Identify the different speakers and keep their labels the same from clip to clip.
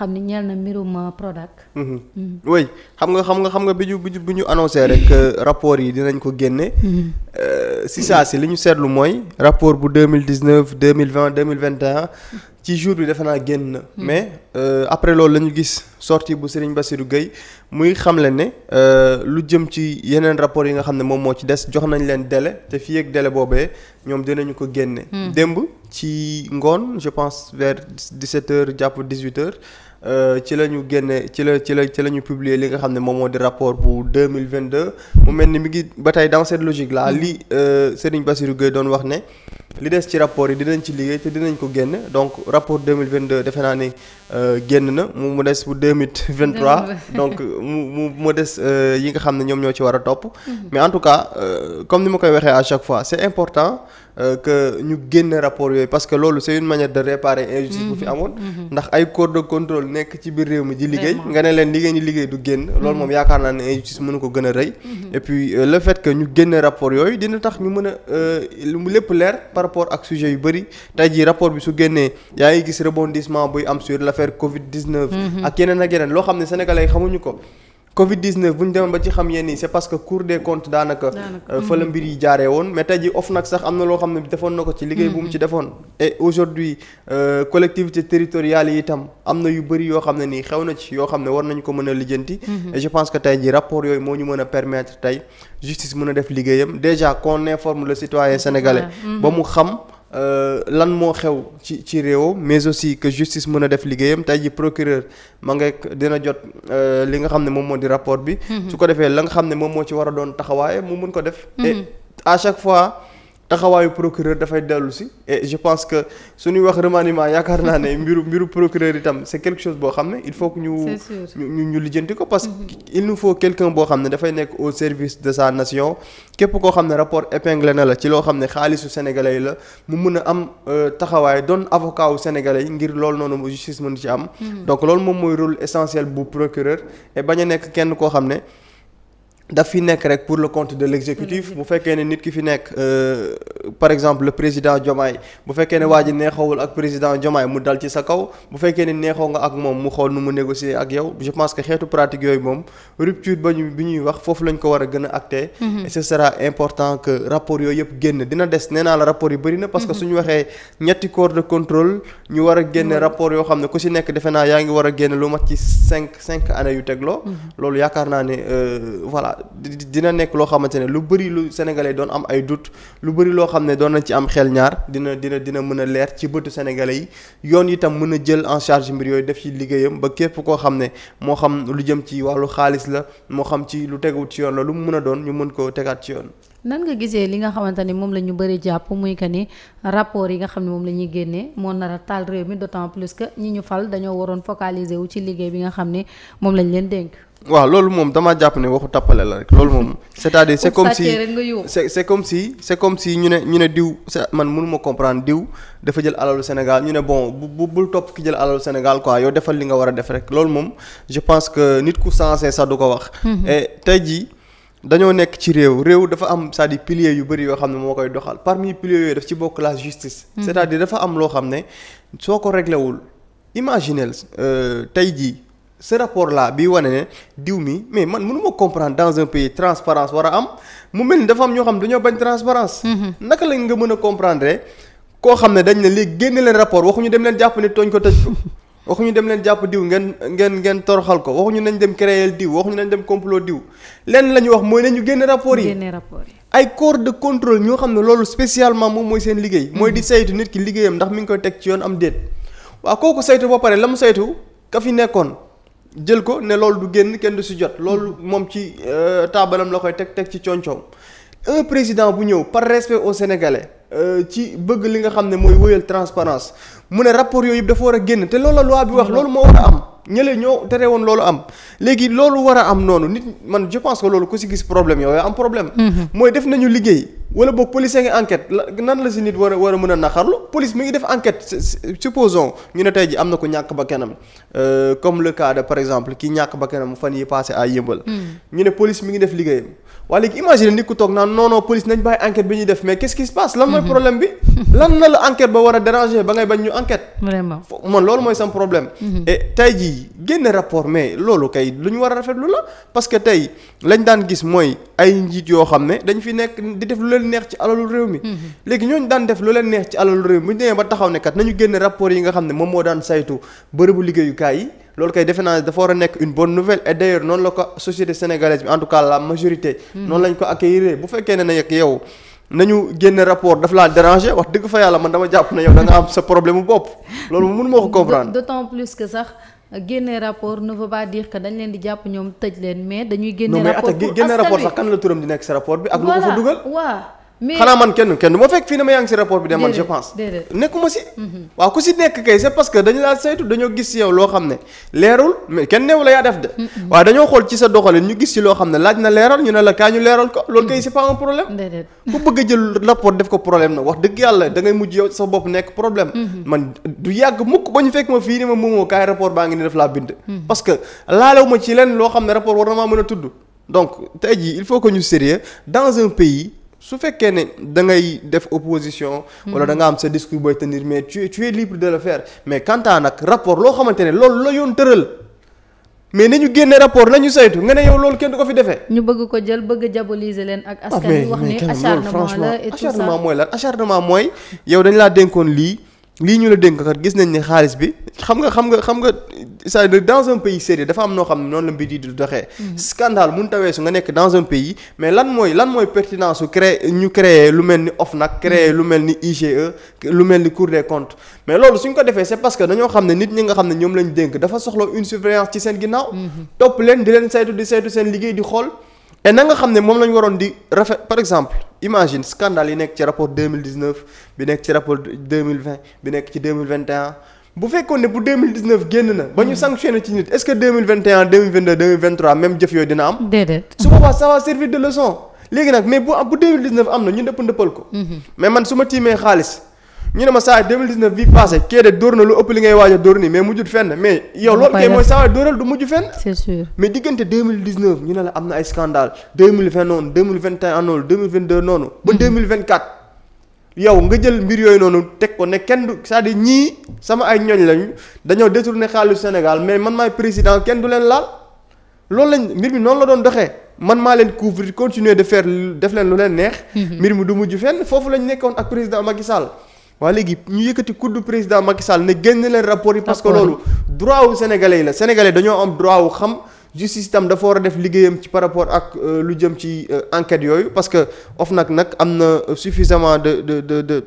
Speaker 1: xam ni ñeel na mbirum euh, Prodac. Mm-hmm. Mm-hmm.
Speaker 2: oui xam nga xam nga xam nga bi ñu bi ñu bi ñu annoncé rek rapport yi dinañ ko génne. Mm-hmm. Euh, si saa si li ñu lu mooy rapport bu deux mille dix neuf deux mille vingt deux mille vingt un ci jour bi defe naa génn na. Hmm. mais euh, après loolu la ñu gis sortie bu Serigne Bassirou Gueye muy xamle ne euh, lu jëm ci yeneen rapport yi nga xam ne moom moo ci des jox nañ leen délai te fii ak délai boobee ñoom dinañu ko génne. Hmm. démb ci ngoon je pense vers 17h jàpp 18h. Euh, ci la ñu génne ci la ci la ci la ñu publier li nga xam ne moom moo di rapport bu deux mille vingt deux mu mel ni mi ngi ba tey dans cette logique là hmm. li Serigne Bassirou Gueye doon wax ne. li des ci rapport yi dinañ ci liggéey te dinañ ko génn donc rapport 2022 defe naa ni euh, génn na mu mu des bu 2023 donc mu mu mu des euh, yi nga xam ne ñoom ñoo ci war a topp mm-hmm. mais en tout cas euh, comme ni ma koy waxee à chaque fois c'est important que ñu génn rapport yooyu parce que loolu c'est une manière de réparer injustice bu fi mm-hmm. amoon mm-hmm. ndax ay corps de contrôle nekk ci biir réew mi di liggéey nga ne leen liggéey ñu liggéey du génn loolu moom yaakaar naa ne injustice mënu ko le fait que ñu génn rapport yooyu dina tax ñu mën a lépp leer par rapport ak sujet yu bëri tey rapport bi su génnee yaa gis rebondissement buy am sur l'affaire Covid 19. Mm-hmm. ak yeneen ak yeneen loo xam ne sénégalais xamuñu ko. Covid 19 bu ñu ba ci xam yéen c'est parce que Cour des comptes daanaka. Euh, fa mbir yi mm-hmm. jaaree woon mais tey ji OFNAC sax am na loo xam ne defoon na ko ci liggéey bu mu mm-hmm. ci defoon. et aujourd'hui euh, collectivités territoriales yi itam am na yu bari yoo xam ne nii xew na ci yoo xam ne war nañu ko mën a lijjanti. Mm-hmm. et je pense que tey ji rapport yooyu moo ñu mën a permettre tey justice mën a def liggéeyam déjà qu'on informe le citoyen sénégalais. ba mu xam. Euh, lan moo xew ci ci réewam mais aussi que justice mën a def liggéeyam tey ji procureur ma nga dina jot euh, li nga xam ne moom moo di rapport bi. Mm-hmm. su ko defee la nga xam ne moom moo ci war a doon taxawaaye mu mën ko def. et mm-hmm. à chaque fois. taxawaayu procureur dafay dellu si et je pense que suñuy wax remaniement yaakaar naa ne mbiru mbiru procureur itam c'est quelque chose boo xam ne il faut que ñu ñu ñu lijjanti ko parce mm-hmm. que il nous faut quelqu'un boo xam ne dafay nekk au service de sa nation képp koo xam ne rapport épinglé na la ci loo xam ne xaalisu sénégalais yi la mu mun a am euh, taxawaay doon avocat wu sénégalais yi ngir loolu noonu justice mën ci am mm-hmm. donc loolu moom mooy rôle essentiel bu procureur et bañ a nekk kenn koo xam ne daf fi nekk rek pour le compte de l'exécutif bu fekkee ne nit ki fi nekk euh, par exemple président Diomaye bu fekkee ne waa ji neexawul ak président Diomaye mu dal ci sa kaw bu fekkee ne neexoo nga ak moom mu xool nu mu négocier ak yow je pense que xeetu pratique yooyu moom rupture ba ñu bi ñuy wax foofu lañ ko war a gën a acté mm-hmm. et ce sera important que rapport yooyu yëpp génn dina des nee naa la rapport yu bëri na parce que mm-hmm. suñu waxee ñetti corps de contrôle mm-hmm. yoo xam ne ku si nekk defe naa yaa ngi war a génn lu mat ci cinq cinq années yu tegloo loolu yaakaar naa ne euh, voilà dina nekk loo xamante ne lu bari lu sénégalais doon am ay doute lu bari loo xam ne doon nañ ci am xel ñaar dina dina dina mën a leer ci bëtu sénégalais yi yoon itam mën a jël en charge mbir yooyu def ci liggéeyam ba képp koo xam ne moo xam lu jëm ci wàllu xaalis la moo xam ci lu teguwut ci yoon la lu mu mën a doon ñu mën koo tegaat ci yoon.
Speaker 1: nan nga gisee li nga xamante ni moom la ñu bëri jàpp muy que ni rapport yi nga xam ne moom la ñuy génnee moo nar a taal réew mi d'autant ñi ñu fal dañoo waroon focaliser wu ci liggéey bi nga xam ne moom lañ leen dénk
Speaker 2: waaw loolu moom damaa jàpp ne waxu tappale la rek loolu moom c'est-à-dire c'est comme si c'est c'est si c'est ñu ne diw man mënuma comprendre diw dafa jël alalu Sénégal ñu ne bon bu bul topp ki jël alalu Sénégal quoi yow defal li nga war a def rek loolu moom je pense que nit ku sensé sax du ko wax mm-hmm. tey jii dañoo nekk ci réew réew dafa am cest à yu bëri yoo xam ne moo koy doxal parmi piliers yooyu daf ci bokk la justice mm-hmm. c'est-à-dire dafa am loo xam ne soo ko réglé wul imaginez euh, tey jii ce rapport là bi wane ne diw mi mais man mënu ma comprendre dans un pays transparence war a am mu mel ni dafa am ñoo xam ne dañoo bañ transparence mhm. naka lañ nga mën a comprendre koo xam ne dañ ne léegi génne leen rapport waxuñu dem leen jàpp ni tooñ ko tëj ko waxuñu dem leen jàpp diw ngeen ngeen ngeen toroxal ko waxuñu nañ dem créer diw waxuñu nañ dem complot diw lenn la ñu wax mooy nañu génne rapport yi ay corps de contrôle ñoo xam ne loolu spécialement moom mooy seen liggéey mhm. mooy di saytu nit ki liggéeyam ndax mi ngi koy teg ci yoon am déet waaw kooku saytu ba pare la mu saytu fi nekkoon jël ko ne loolu du génn kenn du si jot loolu moom ci euh, taabalam la koy teg teg ci cooncoom un président bu ñëw par respect aux Sénégalais euh, ci bëgg li nga xam ne mooy wëyal transparence mu ne rapport yooyu yëpp dafa war a génn te loolu la loi bi wax loolu moo war a am ñële ñoo tere woon loolu am léegi loolu war a am noonu nit man je pense loolu ku si gis problème yow yaa am problème. Mhm. mooy def nañu liggéey wala boog police a ngi enquête la nan la si nit war a war a mën a naqarlu police mi ngi def enquête supposons ñu ne tey ji am na ko ñàkk ba kenam euh, comme le cas de par exemple ki ñàkk ba kenam fan yi passé à Yëmbal. Mhm. ñu ne police mi ngi def liggéeyam. waa léegi imagine nit ku toog naan non non police nañ bàyyi enquête bi ñuy def mais qu'est-ce qui se passe lan mooy mhm. problème bi lan na la enquête ba war a déranger ba ngay bañ ñu enquête vraiment loolu mooy sam problème mhm. et tey jii génne rapport mais loolu kay lu ñu war a rafetlu la parce que tey lañ daan gis mooy ay njiit yoo xam ne dañu fi nekk di def lu leen neex ci alalu réew mi mhm. léegi ñooñu daan def lu leen neex ci alalu réew mi bu ñu demee ba taxaw ne kat nañu génne yi nga xam ne moom moo daan saytu bërëbu liggéeyukaay yi loolu kay defe naa dafa war a nekk une bonne nouvelle et d'ailleurs noonu la ko société sénégalaise bi en tout cas la majorité. Hmm. noonu lañ ko accueillir bu fekkee ne nag yow nañu génne rapport daf laa déranger wax dëgg fa yàlla man dama jàpp na yow da nga am sa problème bopp loolu mun moo ko comprendre.
Speaker 1: d'autant plus que sax. génne rapport ne veut pas dire que dañ leen di jàpp ñoom tëj leen mais dañuy. génne rapport non mais génne sax kan
Speaker 2: la turam di nekk sa rapport bi. ak lu mais xanaa man kenn kenn du ma fekk fii ne ma yaa ngi si rapport bi de man je nekkuma si mhm. waaw ku si nekk kay c'est parce dañu laa saytu dañoo gis si yow loo xam ne leerul mais kenn neewu la yaa def de waaw dañoo xool ci sa doxalin ñu gis si loo xam ne laaj na leeral ñu ne la kaa ñu leeral ko loolu kay c'est pas un problème ku bëgg a jël rapport def ko problème na wax dëgg yàlla da ngay mujj yow sa bopp nekk problème man du yàgg mukk ba ñu fekk ma fii ne m moomoo kaay rapport baa ngi ni def loo xam ne rapport war na a tudd donc tey jii il su fekkee ne da ngay def opposition. wala danga am sa discours booy tenir mais tu es libre de le faire mais quant à rapport loo xamante ne loolu la yoon tëral. mais ni ñu génne rapport la ñu saytu nga ne loolu kenn du ko fi defee.
Speaker 1: ñu bëgg ko jël bëgg a leen ak. Ah, askan wi wax ne acharnement mooy
Speaker 2: lan acharnement mooy yow dañ laa dénkoon lii. lii ñu la dénk kat gis nañ ni xaalis bi xam nga xam nga xam nga c'est-à-dire dans un pays sérieux dafa am noo xam ne noonu la mbir di du doxee. Mhm. scandale mun tawee su nga nekk dans un pays mais lan mooy lan mooy pertinence su créé ñu créé lu mel ni OFNAC créé mhm. lu mel ni IGE lu mel ni Cour des comptes mais loolu suñ ko defee c'est parce que dañoo xam ne nit ñi nga xam ne ñoom lañ dénk dafa soxla une surveillance ci seen ginnaaw. Mhm. topp leen di leen saytu di saytu seen liggéey di xool. et nga xam ne moom la ñu waroon di rafet par exemple imagine scandale yi nekk ci rapport 2019 bi nekk ci rapport 2020 bi nekk ci 2021 bu fekkoon ne bu 2019 génn na ba ñu hmm. sanctionné ci nit est-ce que 2021 2022 2023 même jëf yooyu dina am. déedéet su boobaa ça va servir de leçon léegi nag mais bu am bu 2019 am na ñu ndëpp ndëppal ko. Hmm. mais man su ma tiimee xaalis. ñu ne ma saa yi 2019 bii passé kii de dóor na lu ëpp li ngay waaj a dóor nii mais mujjut fenn mais yow loolu kay mooy saa yi dóoral du mujj fenn c'est sûr mais diggante 2019 ñu ne la am na ay scandale 2020 noonu 2021 noonu 2022 noonu ba 2024 hmm. yow nga jël mbir yooyu noonu teg ko ne kenn du c'est-à-dire ñii sama ay ñooñ lañu dañoo détourné xaalis Sénégal mais man maay président kenn du leen laal loolu lañ mbir mi noonu la doon doxee man maa leen couvrir continuer de faire def leen lu leen neex hmm. mbir mi du mujj fenn foofu lañ nekkoon ak président Macky Sall waa léegi ñu yëkkati kuddu président Macky Sall ne génn leen rapport yi parce que loolu droit wu sénégalais yi la sénégalais dañoo am droit wu xam justice itam dafa war a def liggéeyam ci par rapport ak euh, lu jëm ci euh, enquête yooyu parce que OFNAC nag am na suffisamment de de de de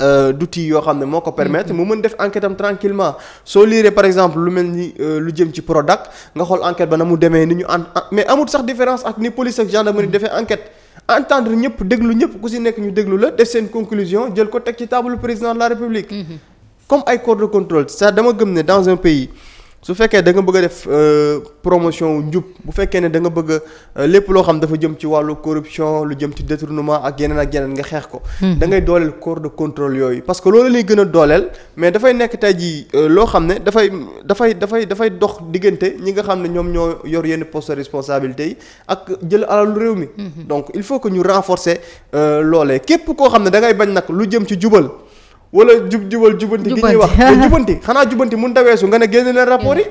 Speaker 2: euh, d'outils yoo xam ne moo ko permettre mm-hmm. mu mën def enquête am tranquillement soo liiree par exemple lu mel ni lu jëm ci Prodac nga xool enquête ba na mu demee ni ñu en mais amul sax différence ak ni police ak gendarmerie defee enquête entendre ñëpp déglu ñëpp ku si nekk ñu déglu la def seen conclusion jël ko teg ci table président de la république. Mm-hmm. comme ay corps de contrôle ça dama gëm ne dans un pays. su fekkee da nga bëgg a def euh, promotion njub bu fekkee ne da nga bëgg euh, lépp loo xam dafa jëm ci wàllu corruption lu jëm ci détournement ak yeneen ak yeneen nga xeex ko. Hmm. da ngay dooleel corps de contrôle yooyu. parce que loolu lay gën a dooleel mais dafay nekk tey jii euh, loo xam ne dafay dafay dafay dafay dox diggante ñi nga xam ne ñoom ñoo yor yenn poste de responsabilité yi ak jël alalu réew mi. Hmm. donc il faut que ñu renforcer loolee képp koo xam ne da ngay bañ nag lu jëm ci jubal. wala jub jubal jubanti gi ñuy wax mais jubanti xanaa jubanti mun daweesu nga ne génne leen rapport yi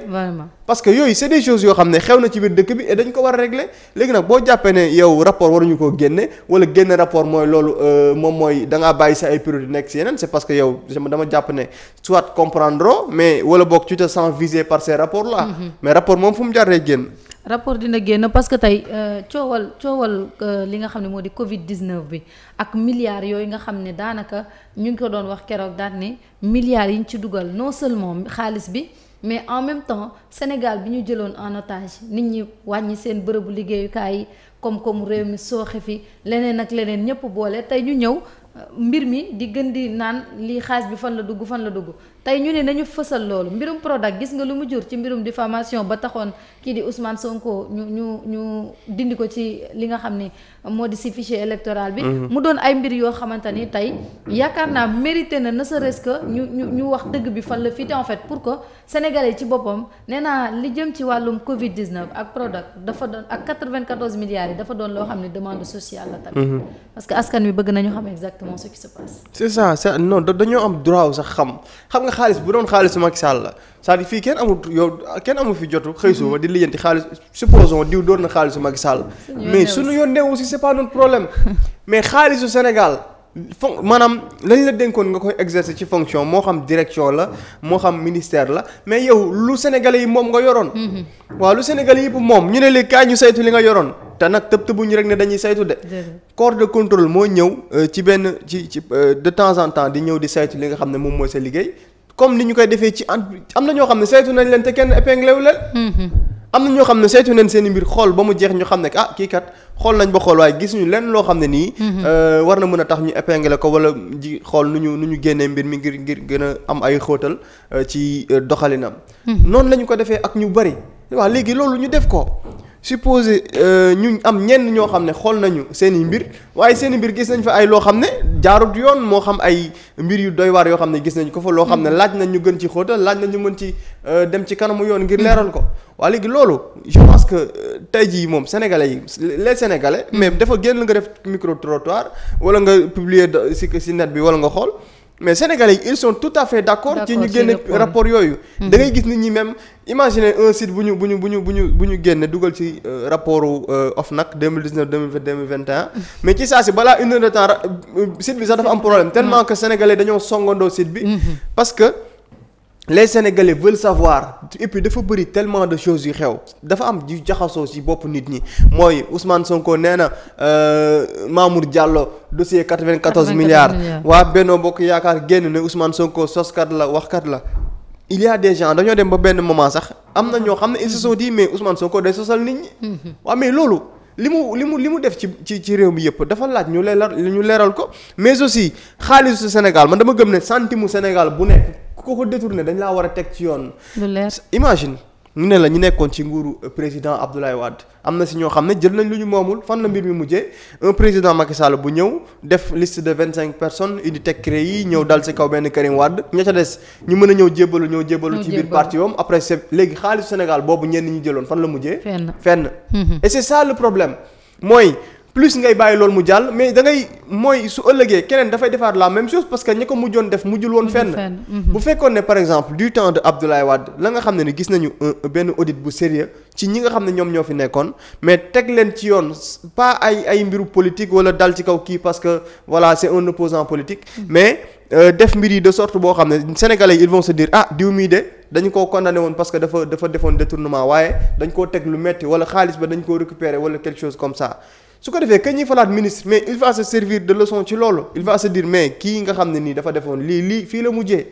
Speaker 2: parce yooyu c'est des choses yoo xam ne xew na ci biir dëkk bi et dañ ko war a régler léegi nag boo jàppee ne yow rapport waruñu koo génne wala génne rapport mooy loolu euh, moom mooy da ngaa bàyyi sa ay priorité nekk si yeneen c'est parce que yow dama jàpp ne soit comprendre mais wala boog tu te sens visé par ces rapports là mm-hmm. mais rapport moom fu mu jarree génn
Speaker 1: rapport dina génn parce que tey euh, coowal coowal euh, li nga xam ne moo di Covid 19 bi ak milliards yooyu nga xam ne daanaka ñu ngi ko doon wax keroog daan ne milliards yi ñu ci dugal non seulement xaalis bi mais en même temps Sénégal bi ñu jëloon en otage nit ñi wàññi seen bërëbu liggéeyukaay yi koom réew mi sooxe fi leneen ak leneen ñëpp boole tey ñu ñëw euh, mbir mi di gën di naan lii xaalis bi fan la dugg fan la dugg tey ñu ne nañu fësal loolu mbirum Prodac gis nga lu mu jur ci mbirum diffamation ba taxoon kii di Ousmane Sonko ñu ñu ñu dindi ko ci li nga xam ni moo di si fichier électoral bi. Mhm. mu doon ay mbir yoo xamante ni tey yaakaar naa mérité na na sa resque ñu ñu ñu wax dëgg bi fan la fiite en fait pour que sénégalais ci boppam nee naa li jëm ci wàllum Covid 19 ak Prodac dafa doon ak 94 milliards yi dafa doon loo xam ne demande sociale la tamit. Mhm. parce que askan wi bëgg nañu xam exactement ce qui
Speaker 2: se dañoo am droit sax xam xam xaalis bu doon xaalisu mag Sall la saa à fii kenn amul yow kenn amul fi jotu xëy suba di lijjanti xaalis supposons diw doon na xaalisu Macky Sall mais suñu yoon neewu si c'est pas notre problème mais xaalisu Sénégal fon maanaam lañ la denkoon nga koy exercer ci fonction moo xam direction la moo xam ministère la mais yow lu sénégalais yi moom nga yoroon. Mm-hmm. waaw lu sénégalais yëpp moom ñu ne li kaay ñu saytu li nga yoroon te nag tëb ñu rek ne dañuy saytu de. corps de contrôle moo ñëw euh, ci benn ci ci euh, de en temps di ñëw di saytu li nga xam ne moom mooy sa liggéey. comme ni ñu koy defee ci am na ñoo xam ne saytu nañ leen te kenn épinglé wu leen. Mm-hmm. am na ñoo xam ne saytu nañ seen mbir xool ba mu jeex ñu xam ne ah kii kat xool nañ ba xool waaye gis ñu lenn loo xam ne nii. Mm-hmm. Euh, war na mën a tax ñu épinglé ko wala ji xool nu ñu nu ñu génnee mbir mi ngir ngir gën a am ay xootal euh, ci euh, doxalinam. Mm-hmm. noonu la ko defee ak ñu bari waaw léegi loolu ñu def ko. supposé euh, ñu am ñenn ñoo xam ne xool nañu seen i mbir waaye seen i mbir gis nañ fa ay loo xam ne jaarut yoon moo xam ay mbir yu doy yoo xam ne gis nañ ko fa loo xam ne mm-hmm. laaj nañ ñu gën ci xóotal laaj nañ ñu mën ci euh, dem ci kanamu yoon ngir leeral ko mm-hmm. waa léegi loolu je pense que euh, tey jii moom sénégalais yi les sénégalais mais mm-hmm. dafa génn nga def micro trottoir wala nga publier si si net bi wala nga xool mais sénégalais yi ils sont tout à fait d' accord ci ñu génne rapport yooyu mhm. da ngay gis nit ñi même imaginer un site bu ñu bu ñu bu ñu bu ñu bu ñu génne dugal ci euh, rapportu euh, OFNAC nag 2020 2021 mais ci saa si balaa une heure de temps euh, site bi sax dafa am problème tellement mhm. que sénégalais dañoo songandoo site bi mhm. parce les sénégalais veulent savoir et puis dafa bëri tellement de choses yu xew dafa am yu jaxasoo ci bopp nit ñi mooy Ousmane Sonko nee na euh, Mamour Diallo dossier 94 milliards waa Benno Bokk Yaakaar génn ne Ousmane Sonko soskat la waxkat la il y a des gens dañoo dem ba benn moment sax am na ñoo xam ne ils se sont dit mais Ousmane Sonko day sosal nit ñi mhm. waaw mais loolu li mu li mu li mu def ci ci ci réew mi yëpp dafa laaj ñu leeral ñu leeral ko mais aussi xaalisu Sénégal man dama gëm ne centimu Sénégal bu nekk ku ko ko détourné dañ laa war a teg ci yoon. lu leer imagine ñu ne la ñu nekkoon ci nguuru euh, président Abdoulaye Wade am na si ñoo xam ne jël nañ lu ñu moomul fan la mbir mi mujjee un président Macky Sall bu ñëw def liste de vingt cinq personnes indi teg cré yi ñëw dal si kaw benn Karim Wade ña ca des ñu mën a ñëw jébbalu ñëw jébbalu ci biir parti yoom après c'est léegi xaalisu Sénégal boobu ñenn ñi jëloon fan la mujjee. fenn fenn. et c'est ça problème mooy. plus ngay bàyyi loolu mu jàll mais da ngay mooy su ëllëgee keneen dafay defaat la même chose parce que ñi ko mujjoon def mujjul woon fenn bu mhm. fekkoon ne par exemple du temps de Abdoulaye Wade la nga xam ne ni gis nañu euh, euh, benn audit bu sérieux ci ñi nga xam ne ñoom ñoo fi nekkoon mais teg leen ci yoon pas ay ay mbiru politique wala dal ci kaw kii parce que voilà c'est un opposant politique mhm. mais euh, def mbir yi de sorte boo xam ne sénégalais ils vont se dire ah diw mii de dañu koo woon parce que dafa dafa defoon détournement waaye dañ koo teg lu metti xaalis ba dañ koo récupérer wala quelque comme ça su ko defee kañ ñuy falaat ministre mais il va se servir de leçon ci loolu il va se dire mais kii nga xam ne nii dafa defoon lii lii fii la mujjee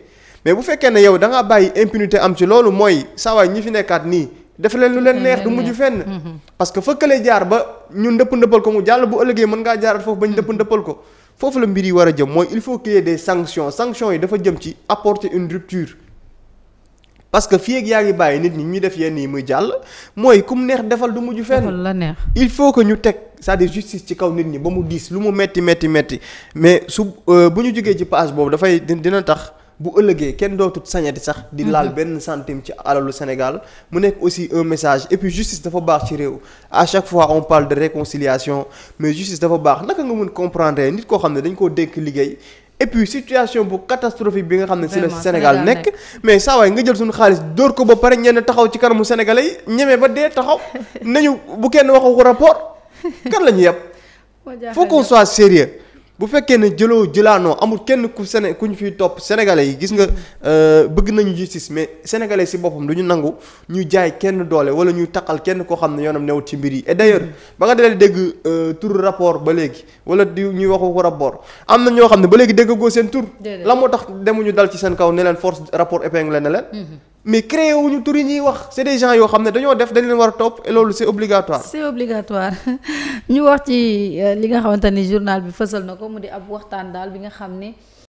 Speaker 2: mais bu fekkee ne yow da ngaa bàyyi impunité am ci loolu mooy saawaay ñi fi nekkaat nii def leen lu leen mm-hmm. neex du mujj fenn mm-hmm. parce que fëkkale jaar ba ñun ndëpp ndëppal ko mu jàll bu ëllëgee mën ngaa jaarat foofu bañ ndëpp mm-hmm. ndëppal ko foofu la mbir yi war a jëm mooy il faut qu'il y ait des sanctions sanctions yi dafa jëm ci apporter une rupture parce que fii ak yaa ngi bàyyi nit ñi ñuy def yenn yi muy jàll mooy kum neex defal du mujj fenn la neex il faut que ñu teg cest à justice ci kaw nit ñi ba mu diis lu mu metti metti metti mais su euh, bu ñu jógee ci page boobu dafay dina tax bu ëllëgee kenn dootut sañati sax di mhm. laal benn centime ci alalu Sénégal mu nekk aussi un message et puis justice dafa baax ci réew à chaque fois on parle de réconciliation mais justice dafa baax naka nga mën comprendre nit koo xam ne dañ koo dénk liggéey et puis situation bu catastrophique bi nga xam ne si la Sénégal nekk mais saa waay nga jël suñu xaalis dóor ko ba pare ñenn taxaw ci kanamu sénégalais yi ñeme ba dee taxaw ñu bu kenn waxu rapport kan la ñu yàpp faut qu'on soit sérieux bu fekkee ne jëloo jëlaanoo amul kenn ku sene ku ñu fiy topp sénégalais yi gis nga euh, bëgg nañu justice mais sénégalais si boppam du ñu nangu ñu jaay kenn doole wala ñuy taqal kenn koo xam ne yoonam newut ci mbir yi et ba nga dalee dégg euh, tur rapport ba léegi wala di ñuy waxu ko rapport am na ñoo xam ne ba léegi déggagoo seen tur la moo tax demuñu dal ci seen kaw ne leen force rapport épinglé ne leen mm-hmm. mais créé wuñu tur ñuy wax c'est des gens yoo xam ne dañoo def dañ leen war a topp et loolu c'est obligatoire.
Speaker 1: c'est obligatoire ñu wax ci euh, li nga xamante ni journal bi fësal na ko mu di ab waxtaan daal bi nga xam ne